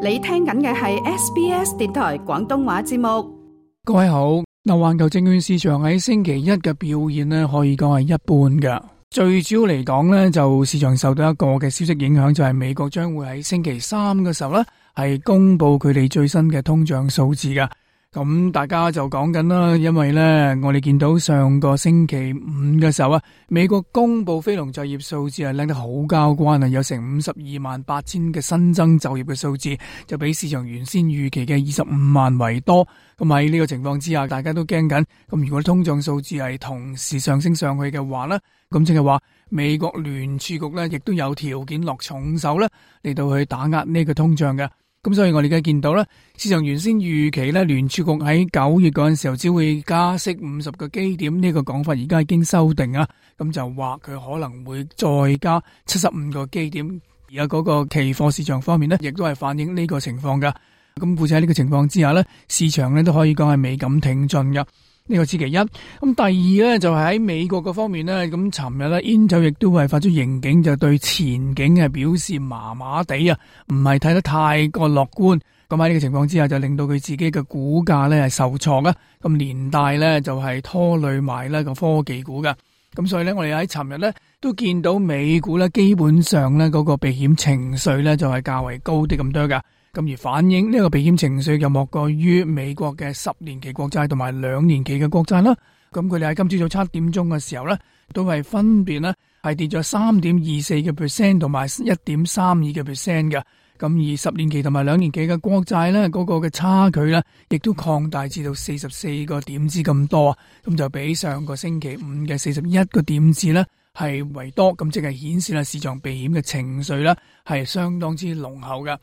你聽緊嘅係 SBS 電台廣東話節目，各位好。嗱，環球證券市場喺星期一嘅表現呢，可以講係一般噶。最主要嚟講呢就市場受到一個嘅消息影響，就係、是、美國將會喺星期三嘅時候呢係公布佢哋最新嘅通脹數字噶。咁、嗯、大家就講緊啦，因為咧，我哋見到上個星期五嘅時候啊，美國公布非農就業數字係靚得好交關啊，有成五十二萬八千嘅新增就業嘅數字，就比市場原先預期嘅二十五萬為多。咁喺呢個情況之下，大家都驚緊。咁、嗯、如果通脹數字係同時上升上去嘅話咧，咁即係話美國聯儲局咧，亦都有條件落重手咧，嚟到去打壓呢個通脹嘅。咁所以我哋而家見到啦，市場原先預期咧，聯儲局喺九月嗰陣時候只會加息五十個基點，呢、這個講法而家已經修訂啊。咁就話佢可能會再加七十五個基點。而家嗰個期貨市場方面呢，亦都係反映呢個情況噶。咁故此喺呢個情況之下呢，市場呢都可以講係未敢挺進噶。呢個此其一，咁第二咧，就係喺美國嘅方面呢。咁尋日呢，Intel 亦都係發出預警，就對前景係表示麻麻地啊，唔係睇得太過樂觀。咁喺呢個情況之下，就令到佢自己嘅股價咧，係受挫啊，咁連帶咧，就係拖累埋呢個科技股噶。咁所以咧，我哋喺尋日咧都見到美股咧，基本上咧嗰個避險情緒咧，就係較為高啲咁多噶。咁而反映呢個避險情緒就莫過於美國嘅十年期國債同埋兩年期嘅國債啦。咁佢哋喺今朝早七點鐘嘅時候咧，都係分別咧係跌咗三點二四嘅 percent 同埋一點三二嘅 percent 嘅。咁而十年期同埋兩年期嘅國債咧，嗰個嘅差距咧，亦都擴大至到四十四個點子咁多啊。咁就比上個星期五嘅四十一個點子咧係為多，咁即係顯示啦，市場避險嘅情緒咧係相當之濃厚嘅。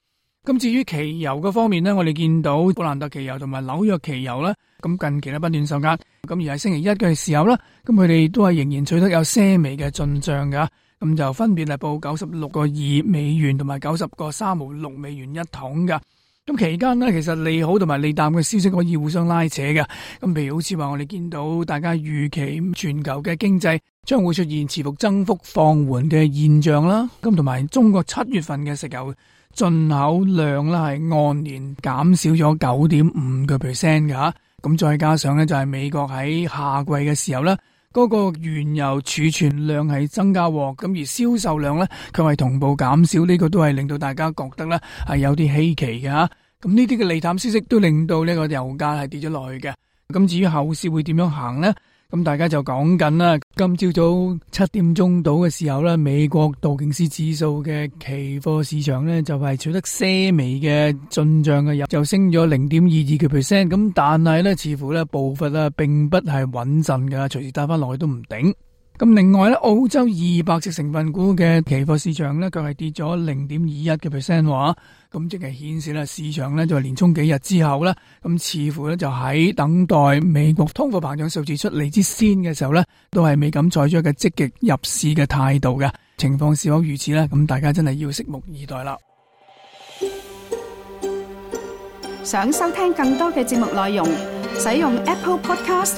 咁至於期油嘅方面咧，我哋見到布蘭特期油同埋紐約期油咧，咁近期咧不斷受壓，咁而喺星期一嘅時候咧，咁佢哋都係仍然取得有些微嘅進賬嘅，咁就分別係報九十六個二美元同埋九十個三毫六美元一桶嘅。咁期間咧，其實利好同埋利淡嘅消息可以互相拉扯嘅。咁，譬如好似話，我哋見到大家預期全球嘅經濟將會出現持續增幅放緩嘅現象啦。咁同埋，中國七月份嘅石油進口量啦，係按年減少咗九點五個 percent 嘅吓。咁再加上咧，就係、是、美國喺夏季嘅時候咧。嗰個原油儲存量係增加喎，咁而銷售量呢，佢係同步減少，呢、呢個都係令到大家覺得呢係有啲稀奇嘅嚇、啊。咁呢啲嘅利淡消息都令到呢個油價係跌咗落去嘅。咁至於後市會點樣行呢？咁大家就講緊啦，今朝早七點鐘到嘅時候咧，美國道瓊斯指數嘅期貨市場咧就係、是、取得些微嘅進賬嘅，又就升咗零點二二嘅 percent，咁但係咧似乎咧步伐啊，並不係穩陣噶，隨時打翻落去都唔定。咁另外咧，澳洲二百隻成分股嘅期貨市場咧，佢係跌咗零點二一嘅 percent 話，咁即係顯示啦，市場就在連衝幾日之後呢，咁似乎咧就喺等待美國通貨膨脹數字出嚟之先嘅時候呢，都係未敢採取一個積極入市嘅態度嘅情況，是否如此咧？咁大家真係要拭目以待啦。想收聽更多嘅節目內容，使用 Apple Podcast、